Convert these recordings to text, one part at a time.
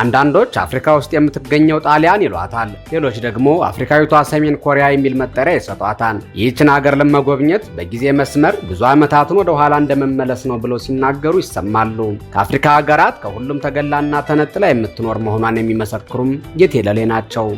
አንዳንዶች አፍሪካ ውስጥ የምትገኘው ጣሊያን ይሏታል። ሌሎች ደግሞ አፍሪካዊቷ ሰሜን ኮሪያ የሚል መጠሪያ ይሰጧታል። ይህችን ሀገር ለመጎብኘት በጊዜ መስመር ብዙ ዓመታትን ወደ ኋላ እንደመመለስ ነው ብለው ሲናገሩ ይሰማሉ። ከአፍሪካ ሀገራት ከሁሉም ተገላና ተነጥላ የምትኖር መሆኗን የሚመሰክሩም የቴለሌ ናቸው።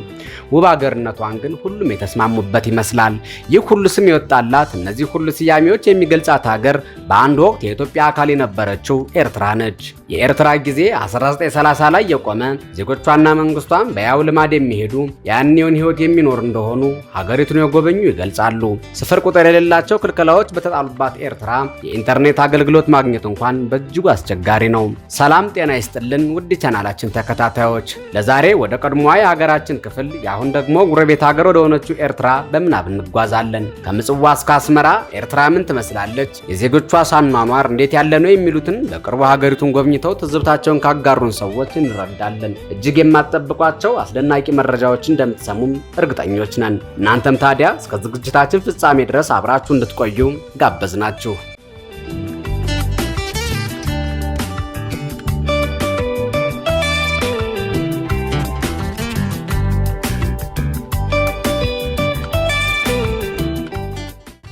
ውብ ሀገርነቷን ግን ሁሉም የተስማሙበት ይመስላል። ይህ ሁሉ ስም የወጣላት እነዚህ ሁሉ ስያሜዎች የሚገልጻት ሀገር በአንድ ወቅት የኢትዮጵያ አካል የነበረችው ኤርትራ ነች። የኤርትራ ጊዜ 1930 ላይ ቆመ ዜጎቿና መንግስቷም በያው ልማድ የሚሄዱ ያኔውን ህይወት የሚኖር እንደሆኑ ሀገሪቱን የጎበኙ ይገልጻሉ። ስፍር ቁጥር የሌላቸው ክልከላዎች በተጣሉባት ኤርትራ የኢንተርኔት አገልግሎት ማግኘት እንኳን በእጅጉ አስቸጋሪ ነው። ሰላም ጤና ይስጥልን ውድ ቻናላችን ተከታታዮች ለዛሬ ወደ ቀድሞዋ የሀገራችን ክፍል የአሁን ደግሞ ጉረቤት ሀገር ወደ ሆነችው ኤርትራ በምናብ እንጓዛለን። ከምጽዋ እስከ አስመራ ኤርትራ ምን ትመስላለች? የዜጎቿ ሳኗኗር እንዴት ያለ ነው? የሚሉትን በቅርቡ ሀገሪቱን ጎብኝተው ትዝብታቸውን ካጋሩን ሰዎች እንረዳል። እንወዳለን። እጅግ የማትጠብቋቸው አስደናቂ መረጃዎች እንደምትሰሙም እርግጠኞች ነን። እናንተም ታዲያ እስከ ዝግጅታችን ፍጻሜ ድረስ አብራችሁ እንድትቆዩ ጋበዝናችሁ።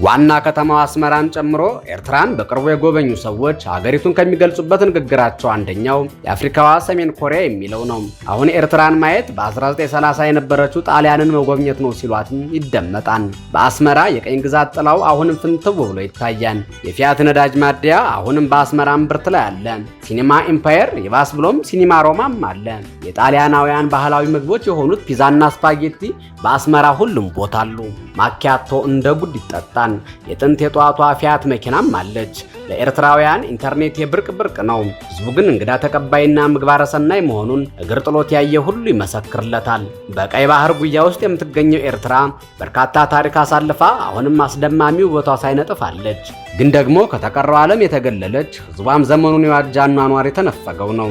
ዋና ከተማዋ አስመራን ጨምሮ ኤርትራን በቅርቡ የጎበኙ ሰዎች ሀገሪቱን ከሚገልጹበት ንግግራቸው አንደኛው የአፍሪካዋ ሰሜን ኮሪያ የሚለው ነው። አሁን ኤርትራን ማየት በ1930 የነበረችው ጣሊያንን መጎብኘት ነው ሲሏትም ይደመጣል። በአስመራ የቀኝ ግዛት ጥላው አሁንም ፍንትው ብሎ ይታያል። የፊያት ነዳጅ ማደያ አሁንም በአስመራ እምብርት ላይ አለ። ሲኒማ ኢምፓየር ይባስ ብሎም ሲኒማ ሮማም አለ። የጣሊያናውያን ባህላዊ ምግቦች የሆኑት ፒዛና ስፓጌቲ በአስመራ ሁሉም ቦታ አሉ። ማኪያቶ እንደ ጉድ ይጠጣል። የጥንት የጧቷ ፊያት መኪናም አለች። ለኤርትራውያን ኢንተርኔት የብርቅ ብርቅ ነው። ህዝቡ ግን እንግዳ ተቀባይና ምግባረ ሰናይ መሆኑን እግር ጥሎት ያየ ሁሉ ይመሰክርለታል። በቀይ ባህር ጉያ ውስጥ የምትገኘው ኤርትራ በርካታ ታሪክ አሳልፋ አሁንም አስደማሚው ቦታ ሳይነጥፍ አለች። ግን ደግሞ ከተቀረው ዓለም የተገለለች ህዝቧም ዘመኑን የዋጃ አኗኗር የተነፈገው ነው።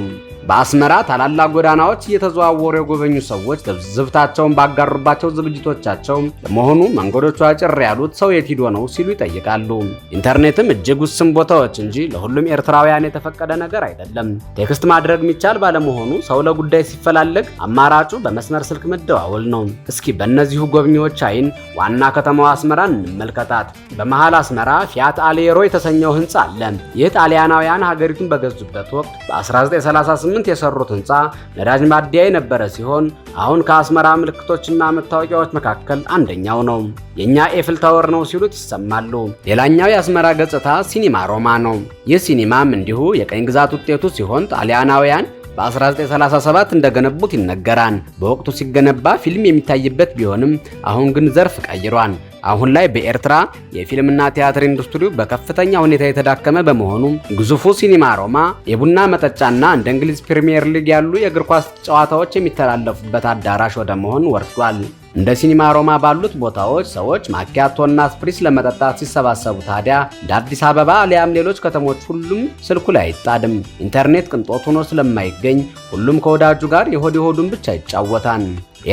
በአስመራ ታላላቅ ጎዳናዎች እየተዘዋወሩ የጎበኙ ሰዎች ትዝብታቸውን ባጋሩባቸው ዝግጅቶቻቸው ለመሆኑ መንገዶቹ አጭር ያሉት ሰው የት ሂዶ ነው ሲሉ ይጠይቃሉ። ኢንተርኔትም እጅግ ውስን ቦታዎች እንጂ ለሁሉም ኤርትራውያን የተፈቀደ ነገር አይደለም። ቴክስት ማድረግ የሚቻል ባለመሆኑ ሰው ለጉዳይ ሲፈላለግ አማራጩ በመስመር ስልክ መደዋወል ነው። እስኪ በእነዚሁ ጎብኚዎች አይን ዋና ከተማዋ አስመራን እንመልከታት። በመሃል አስመራ ፊያት አሌሮ የተሰኘው ህንፃ አለ። ይህ ጣሊያናውያን ሀገሪቱን በገዙበት ወቅት በ1938 1898 የሰሩት ህንፃ ነዳጅ ማደያ የነበረ ሲሆን አሁን ከአስመራ ምልክቶችና መታወቂያዎች መካከል አንደኛው ነው። የእኛ ኤፍል ታወር ነው ሲሉት ይሰማሉ። ሌላኛው የአስመራ ገጽታ ሲኒማ ሮማ ነው። ይህ ሲኒማም እንዲሁ የቀኝ ግዛት ውጤቱ ሲሆን ጣሊያናውያን በ1937 እንደገነቡት ይነገራል። በወቅቱ ሲገነባ ፊልም የሚታይበት ቢሆንም አሁን ግን ዘርፍ ቀይሯል። አሁን ላይ በኤርትራ የፊልምና ቲያትር ኢንዱስትሪው በከፍተኛ ሁኔታ የተዳከመ በመሆኑ ግዙፉ ሲኒማ ሮማ የቡና መጠጫና እንደ እንግሊዝ ፕሪምየር ሊግ ያሉ የእግር ኳስ ጨዋታዎች የሚተላለፉበት አዳራሽ ወደ መሆን ወርዷል። እንደ ሲኒማ ሮማ ባሉት ቦታዎች ሰዎች ማኪያቶና ስፕሪስ ለመጠጣት ሲሰባሰቡ ታዲያ እንደ አዲስ አበባ አሊያም ሌሎች ከተሞች ሁሉም ስልኩ ላይ አይጣድም። ኢንተርኔት ቅንጦት ሆኖ ስለማይገኝ ሁሉም ከወዳጁ ጋር የሆድ የሆዱን ብቻ ይጫወታል።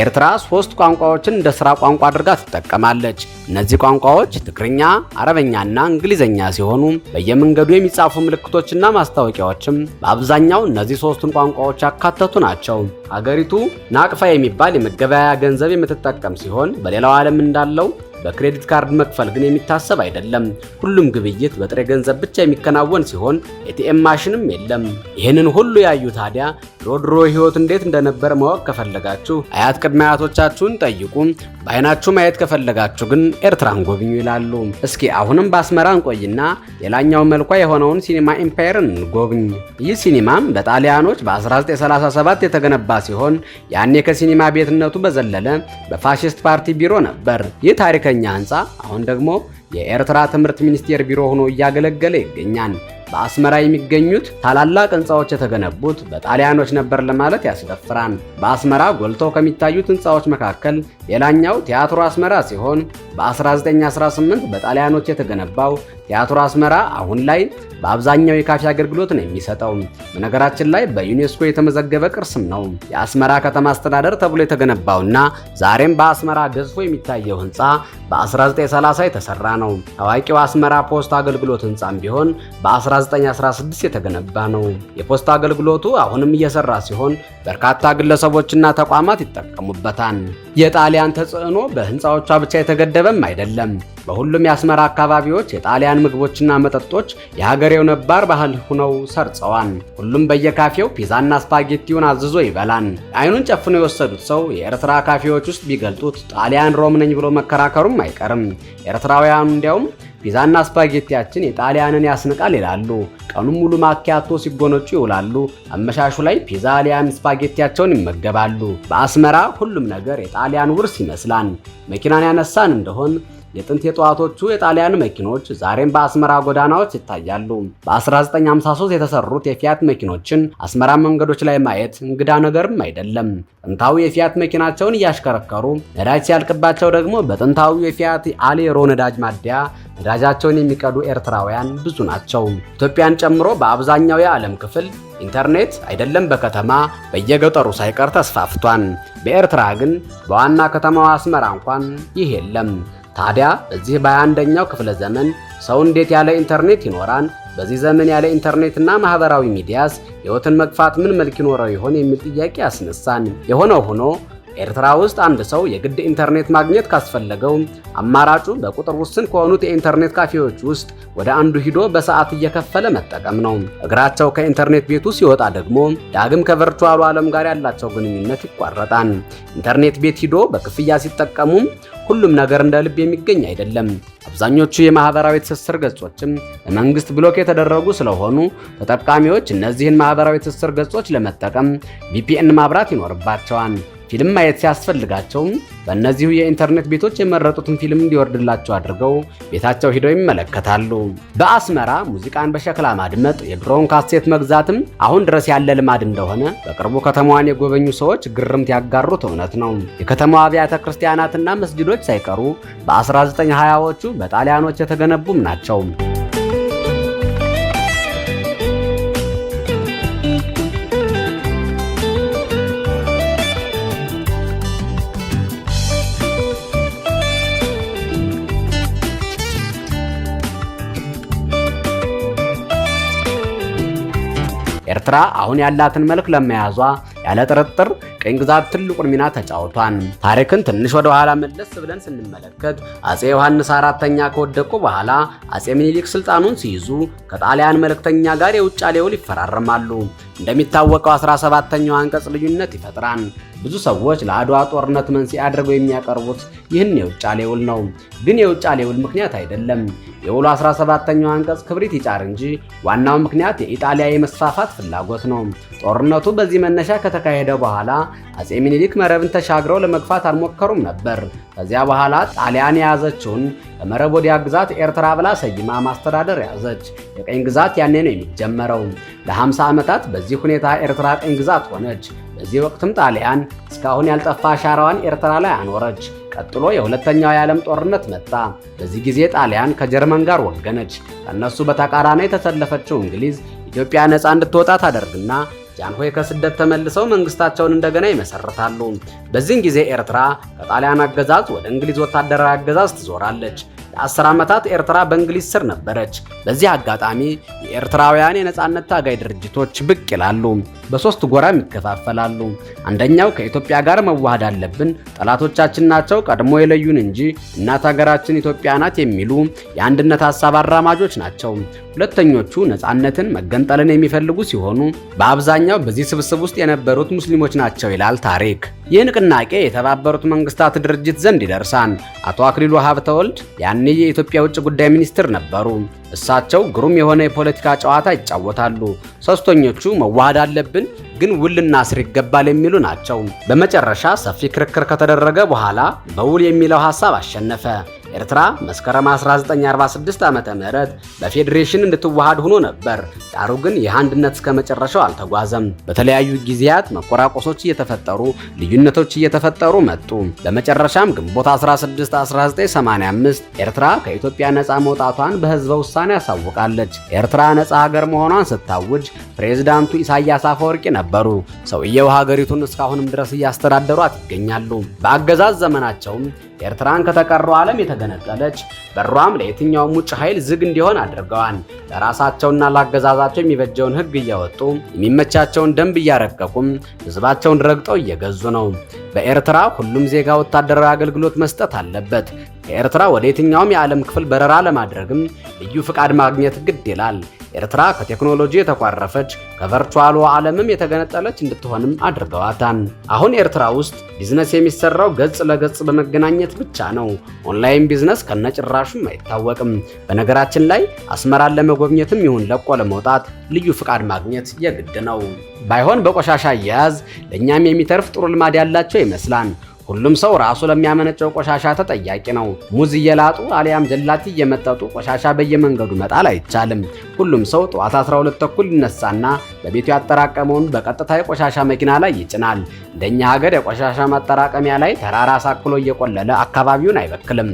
ኤርትራ ሶስት ቋንቋዎችን እንደ ስራ ቋንቋ አድርጋ ትጠቀማለች። እነዚህ ቋንቋዎች ትግርኛ፣ አረበኛና እንግሊዘኛ ሲሆኑ በየመንገዱ የሚጻፉ ምልክቶችና ማስታወቂያዎችም በአብዛኛው እነዚህ ሶስቱን ቋንቋዎች ያካተቱ ናቸው። ሀገሪቱ ናቅፋ የሚባል የመገበያያ ገንዘብ የምትጠቀም ሲሆን በሌላው ዓለም እንዳለው በክሬዲት ካርድ መክፈል ግን የሚታሰብ አይደለም። ሁሉም ግብይት በጥሬ ገንዘብ ብቻ የሚከናወን ሲሆን ኤቲኤም ማሽንም የለም። ይህንን ሁሉ ያዩ ታዲያ ድሮ ድሮ ህይወት እንዴት እንደነበር ማወቅ ከፈለጋችሁ አያት ቅድመ አያቶቻችሁን ጠይቁ። በአይናችሁ ማየት ከፈለጋችሁ ግን ኤርትራን ጎብኙ ይላሉ። እስኪ አሁንም በአስመራ እንቆይና ሌላኛው መልኳ የሆነውን ሲኒማ ኢምፓየርን እንጎብኝ። ይህ ሲኒማም በጣሊያኖች በ1937 የተገነባ ሲሆን ያኔ ከሲኒማ ቤትነቱ በዘለለ በፋሽስት ፓርቲ ቢሮ ነበር። ይህ ታሪከ ከፍተኛ ህንፃ አሁን ደግሞ የኤርትራ ትምህርት ሚኒስቴር ቢሮ ሆኖ እያገለገለ ይገኛል። በአስመራ የሚገኙት ታላላቅ ህንፃዎች የተገነቡት በጣሊያኖች ነበር ለማለት ያስደፍራን በአስመራ ጎልተው ከሚታዩት ህንፃዎች መካከል ሌላኛው ቲያትሮ አስመራ ሲሆን በ1918 በጣሊያኖች የተገነባው ቲያትር አስመራ አሁን ላይ በአብዛኛው የካፌ አገልግሎት ነው የሚሰጠው። በነገራችን ላይ በዩኔስኮ የተመዘገበ ቅርስም ነው። የአስመራ ከተማ አስተዳደር ተብሎ የተገነባውና ዛሬም በአስመራ ገዝፎ የሚታየው ህንፃ በ1930 የተሰራ ነው። ታዋቂው አስመራ ፖስታ አገልግሎት ህንፃም ቢሆን በ1916 የተገነባ ነው። የፖስታ አገልግሎቱ አሁንም እየሰራ ሲሆን በርካታ ግለሰቦችና ተቋማት ይጠቀሙበታል። የጣሊያን ተጽዕኖ በህንፃዎቿ ብቻ የተገደበ የተገደበም አይደለም። በሁሉም የአስመራ አካባቢዎች የጣሊያን ምግቦችና መጠጦች የሀገሬው ነባር ባህል ሆነው ሰርጸዋል። ሁሉም በየካፌው ፒዛና ስፓጌቲውን አዝዞ ይበላል። አይኑን ጨፍነው የወሰዱት ሰው የኤርትራ ካፌዎች ውስጥ ቢገልጡት ጣሊያን ሮም ነኝ ብሎ መከራከሩም አይቀርም። ኤርትራውያኑ እንዲያውም ፒዛና ስፓጌቲያችን የጣሊያንን ያስንቃል ይላሉ። ቀኑን ሙሉ ማኪያቶ ሲጎነጩ ይውላሉ። አመሻሹ ላይ ፒዛሊያን ስፓጌቲያቸውን ይመገባሉ። በአስመራ ሁሉም ነገር የጣሊያን ውርስ ይመስላል። መኪናን ያነሳን እንደሆን የጥንት የጠዋቶቹ የጣሊያን መኪኖች ዛሬም በአስመራ ጎዳናዎች ይታያሉ። በ1953 የተሰሩት የፊያት መኪኖችን አስመራ መንገዶች ላይ ማየት እንግዳ ነገርም አይደለም። ጥንታዊ የፊያት መኪናቸውን እያሽከረከሩ ነዳጅ ሲያልቅባቸው ደግሞ በጥንታዊ የፊያት አሌሮ ነዳጅ ማደያ ነዳጃቸውን የሚቀዱ ኤርትራውያን ብዙ ናቸው። ኢትዮጵያን ጨምሮ በአብዛኛው የዓለም ክፍል ኢንተርኔት አይደለም በከተማ በየገጠሩ ሳይቀር ተስፋፍቷል። በኤርትራ ግን በዋና ከተማዋ አስመራ እንኳን ይህ የለም። ታዲያ በዚህ በአንደኛው ክፍለ ዘመን ሰው እንዴት ያለ ኢንተርኔት ይኖራል? በዚህ ዘመን ያለ ኢንተርኔትና ማህበራዊ ሚዲያስ ሕይወትን መግፋት ምን መልክ ይኖረው ይሆን የሚል ጥያቄ ያስነሳን። የሆነው ሆኖ ኤርትራ ውስጥ አንድ ሰው የግድ ኢንተርኔት ማግኘት ካስፈለገው አማራጩ በቁጥር ውስን ከሆኑት የኢንተርኔት ካፌዎች ውስጥ ወደ አንዱ ሂዶ በሰዓት እየከፈለ መጠቀም ነው። እግራቸው ከኢንተርኔት ቤቱ ሲወጣ ደግሞ ዳግም ከቨርቹዋሉ ዓለም ጋር ያላቸው ግንኙነት ይቋረጣል። ኢንተርኔት ቤት ሂዶ በክፍያ ሲጠቀሙም ሁሉም ነገር እንደ ልብ የሚገኝ አይደለም። አብዛኞቹ የማህበራዊ ትስስር ገጾችም በመንግስት ብሎክ የተደረጉ ስለሆኑ ተጠቃሚዎች እነዚህን ማህበራዊ ትስስር ገጾች ለመጠቀም ቪፒኤን ማብራት ይኖርባቸዋል። ፊልም ማየት ሲያስፈልጋቸው በእነዚሁ የኢንተርኔት ቤቶች የመረጡትን ፊልም እንዲወርድላቸው አድርገው ቤታቸው ሂደው ይመለከታሉ። በአስመራ ሙዚቃን በሸክላ ማድመጥ፣ የድሮውን ካሴት መግዛትም አሁን ድረስ ያለ ልማድ እንደሆነ በቅርቡ ከተማዋን የጎበኙ ሰዎች ግርምት ያጋሩት እውነት ነው። የከተማዋ አብያተ ክርስቲያናትና መስጊዶች ሳይቀሩ በ1920ዎቹ በጣሊያኖች የተገነቡም ናቸው። ኤርትራ አሁን ያላትን መልክ ለመያዟ ያለ ጥርጥር ቅኝ ግዛት ትልቁን ሚና ተጫውቷል። ታሪክን ትንሽ ወደ ኋላ መለስ ብለን ስንመለከት አጼ ዮሐንስ አራተኛ ከወደቁ በኋላ አጼ ሚኒሊክ ስልጣኑን ሲይዙ ከጣሊያን መልእክተኛ ጋር የውጫሌ ውል ይፈራረማሉ። እንደሚታወቀው 17ኛው አንቀጽ ልዩነት ይፈጥራል። ብዙ ሰዎች ለአድዋ ጦርነት መንስኤ አድርገው የሚያቀርቡት ይህን የውጫሌ ውል ነው። ግን የውጫሌ ውል ምክንያት አይደለም። የውሉ 17ኛው አንቀጽ ክብሪት ይጫር እንጂ ዋናው ምክንያት የኢጣሊያ የመስፋፋት ፍላጎት ነው። ጦርነቱ በዚህ መነሻ ከተካሄደ በኋላ አጼ ሚኒሊክ መረብን ተሻግረው ለመግፋት አልሞከሩም ነበር። ከዚያ በኋላ ጣሊያን የያዘችውን በመረብ ወዲያ ግዛት ኤርትራ ብላ ሰይማ ማስተዳደር ያዘች። የቀኝ ግዛት ያኔ ነው የሚጀመረው። ለ50 ዓመታት በዚህ ሁኔታ ኤርትራ ቀኝ ግዛት ሆነች። በዚህ ወቅትም ጣሊያን እስካሁን ያልጠፋ አሻራዋን ኤርትራ ላይ አኖረች። ቀጥሎ የሁለተኛው የዓለም ጦርነት መጣ። በዚህ ጊዜ ጣሊያን ከጀርመን ጋር ወገነች። ከእነሱ በተቃራኒ የተሰለፈችው እንግሊዝ ኢትዮጵያ ነፃ እንድትወጣ ታደርግና ጃንሆይ ከስደት ተመልሰው መንግስታቸውን እንደገና ይመሰርታሉ። በዚህን ጊዜ ኤርትራ ከጣሊያን አገዛዝ ወደ እንግሊዝ ወታደራዊ አገዛዝ ትዞራለች። ለአስር ዓመታት ኤርትራ በእንግሊዝ ስር ነበረች። በዚህ አጋጣሚ የኤርትራውያን የነጻነት ታጋይ ድርጅቶች ብቅ ይላሉ። በሶስት ጎራም ይከፋፈላሉ። አንደኛው ከኢትዮጵያ ጋር መዋሃድ አለብን፣ ጠላቶቻችን ናቸው ቀድሞ የለዩን እንጂ እናት ሀገራችን ኢትዮጵያ ናት የሚሉ የአንድነት ሀሳብ አራማጆች ናቸው። ሁለተኞቹ ነፃነትን፣ መገንጠልን የሚፈልጉ ሲሆኑ በአብዛኛው በዚህ ስብስብ ውስጥ የነበሩት ሙስሊሞች ናቸው ይላል ታሪክ። ይህ ንቅናቄ የተባበሩት መንግስታት ድርጅት ዘንድ ይደርሳል። አቶ አክሊሉ ሀብተወልድ ያኔ የኢትዮጵያ ውጭ ጉዳይ ሚኒስትር ነበሩ። እሳቸው ግሩም የሆነ የፖለቲካ ጨዋታ ይጫወታሉ። ሶስተኞቹ መዋሃድ አለብን ግን ውል ስር ይገባል የሚሉ ናቸው። በመጨረሻ ሰፊ ክርክር ከተደረገ በኋላ በውል የሚለው ሀሳብ አሸነፈ። ኤርትራ መስከረም 1946 ዓመተ ምህረት በፌዴሬሽን እንድትዋሃድ ሆኖ ነበር። ዳሩ ግን ይህ አንድነት እስከ መጨረሻው አልተጓዘም። በተለያዩ ጊዜያት መቆራቆሶች እየተፈጠሩ፣ ልዩነቶች እየተፈጠሩ መጡ። በመጨረሻም ግንቦት 16 1985 ኤርትራ ከኢትዮጵያ ነፃ መውጣቷን በህዝበ ውሳኔ አሳውቃለች። ኤርትራ ነፃ ሀገር መሆኗን ስታውጅ ፕሬዝዳንቱ ኢሳያስ አፈወርቂ ነበሩ። ሰውየው ሀገሪቱን እስካሁንም ድረስ እያስተዳደሯት ይገኛሉ። በአገዛዝ ዘመናቸውም ኤርትራን ከተቀረው ዓለም የተገነጠለች በሯም ለየትኛውም ውጭ ኃይል ዝግ እንዲሆን አድርገዋል። ለራሳቸውና ለአገዛዛቸው የሚበጀውን ሕግ እያወጡ የሚመቻቸውን ደንብ እያረቀቁም ሕዝባቸውን ረግጠው እየገዙ ነው። በኤርትራ ሁሉም ዜጋ ወታደራዊ አገልግሎት መስጠት አለበት። ከኤርትራ ወደ የትኛውም የዓለም ክፍል በረራ ለማድረግም ልዩ ፍቃድ ማግኘት ግድ ይላል። ኤርትራ ከቴክኖሎጂ የተቋረፈች ከቨርቹዋሉ ዓለምም የተገነጠለች እንድትሆንም አድርገዋታል። አሁን ኤርትራ ውስጥ ቢዝነስ የሚሰራው ገጽ ለገጽ በመገናኘት ብቻ ነው። ኦንላይን ቢዝነስ ከነጭራሹም አይታወቅም። በነገራችን ላይ አስመራን ለመጎብኘትም ይሁን ለቆ ለመውጣት ልዩ ፍቃድ ማግኘት የግድ ነው። ባይሆን በቆሻሻ አያያዝ ለእኛም የሚተርፍ ጥሩ ልማድ ያላቸው ይመስላል። ሁሉም ሰው ራሱ ለሚያመነጨው ቆሻሻ ተጠያቂ ነው። ሙዝ እየላጡ አሊያም ጀላቲ እየመጠጡ ቆሻሻ በየመንገዱ መጣል አይቻልም። ሁሉም ሰው ጠዋት 12 ተኩል ይነሳና በቤቱ ያጠራቀመውን በቀጥታ የቆሻሻ መኪና ላይ ይጭናል። እንደኛ ሀገር የቆሻሻ ማጠራቀሚያ ላይ ተራራ ሳክሎ እየቆለለ አካባቢውን አይበክልም።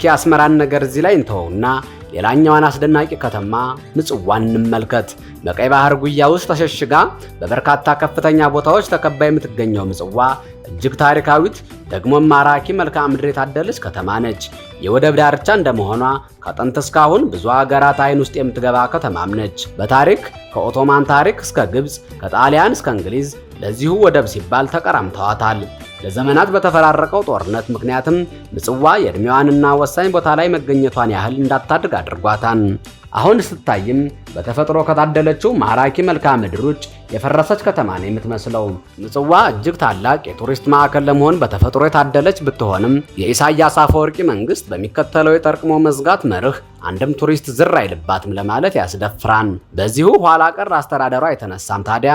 እስኪ አስመራን ነገር እዚህ ላይ እንተውና ሌላኛዋን አስደናቂ ከተማ ምጽዋን እንመልከት። በቀይ ባህር ጉያ ውስጥ ተሸሽጋ በበርካታ ከፍተኛ ቦታዎች ተከባ የምትገኘው ምጽዋ እጅግ ታሪካዊት ደግሞም ማራኪ መልክዓ ምድር የታደለች ከተማ ነች። የወደብ ዳርቻ እንደመሆኗ ከጥንት እስካሁን ብዙ ሀገራት አይን ውስጥ የምትገባ ከተማም ነች። በታሪክ ከኦቶማን ታሪክ እስከ ግብፅ፣ ከጣሊያን እስከ እንግሊዝ ለዚሁ ወደብ ሲባል ተቀራምተዋታል። ለዘመናት በተፈራረቀው ጦርነት ምክንያትም ምጽዋ የዕድሜዋንና ወሳኝ ቦታ ላይ መገኘቷን ያህል እንዳታድግ አድርጓታል። አሁን ስታይም በተፈጥሮ ከታደለችው ማራኪ መልክዓ ምድር ውጭ የፈረሰች ከተማን የምትመስለው ምጽዋ እጅግ ታላቅ የቱሪስት ማዕከል ለመሆን በተፈጥሮ የታደለች ብትሆንም የኢሳያስ አፈወርቂ መንግስት በሚከተለው የጠርቅሞ መዝጋት መርህ አንድም ቱሪስት ዝር አይልባትም ለማለት ያስደፍራን። በዚሁ ኋላ ቀር አስተዳደሯ የተነሳም ታዲያ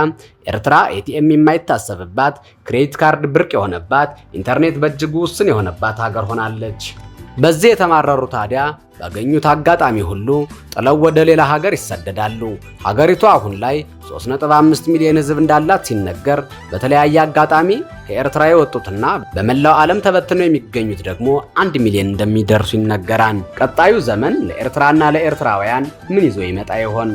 ኤርትራ ኤቲኤም የማይታሰብባት፣ ክሬዲት ካርድ ብርቅ የሆነባት፣ ኢንተርኔት በእጅጉ ውስን የሆነባት ሀገር ሆናለች። በዚህ የተማረሩ ታዲያ ባገኙት አጋጣሚ ሁሉ ጥለው ወደ ሌላ ሀገር ይሰደዳሉ። ሀገሪቱ አሁን ላይ 3.5 ሚሊዮን ሕዝብ እንዳላት ሲነገር በተለያየ አጋጣሚ ከኤርትራ የወጡትና በመላው ዓለም ተበትነው የሚገኙት ደግሞ አንድ ሚሊዮን እንደሚደርሱ ይነገራል። ቀጣዩ ዘመን ለኤርትራና ለኤርትራውያን ምን ይዞ ይመጣ ይሆን?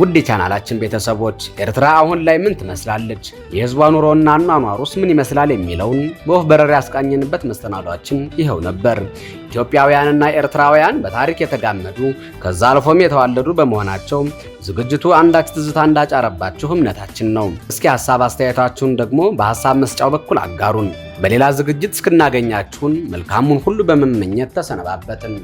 ውድ ቻናላችን ቤተሰቦች ኤርትራ አሁን ላይ ምን ትመስላለች? የህዝቧ ኑሮና አኗኗሩስ ምን ይመስላል? የሚለውን በወፍ በረር ያስቃኘንበት መሰናዷችን ይኸው ነበር። ኢትዮጵያውያንና ኤርትራውያን በታሪክ የተጋመዱ ከዛ አልፎም የተዋለዱ በመሆናቸው ዝግጅቱ አንዳች ትዝታ እንዳጫረባችሁ እምነታችን ነው። እስኪ ሀሳብ አስተያየታችሁን ደግሞ በሀሳብ መስጫው በኩል አጋሩን። በሌላ ዝግጅት እስክናገኛችሁን መልካሙን ሁሉ በመመኘት ተሰነባበትን።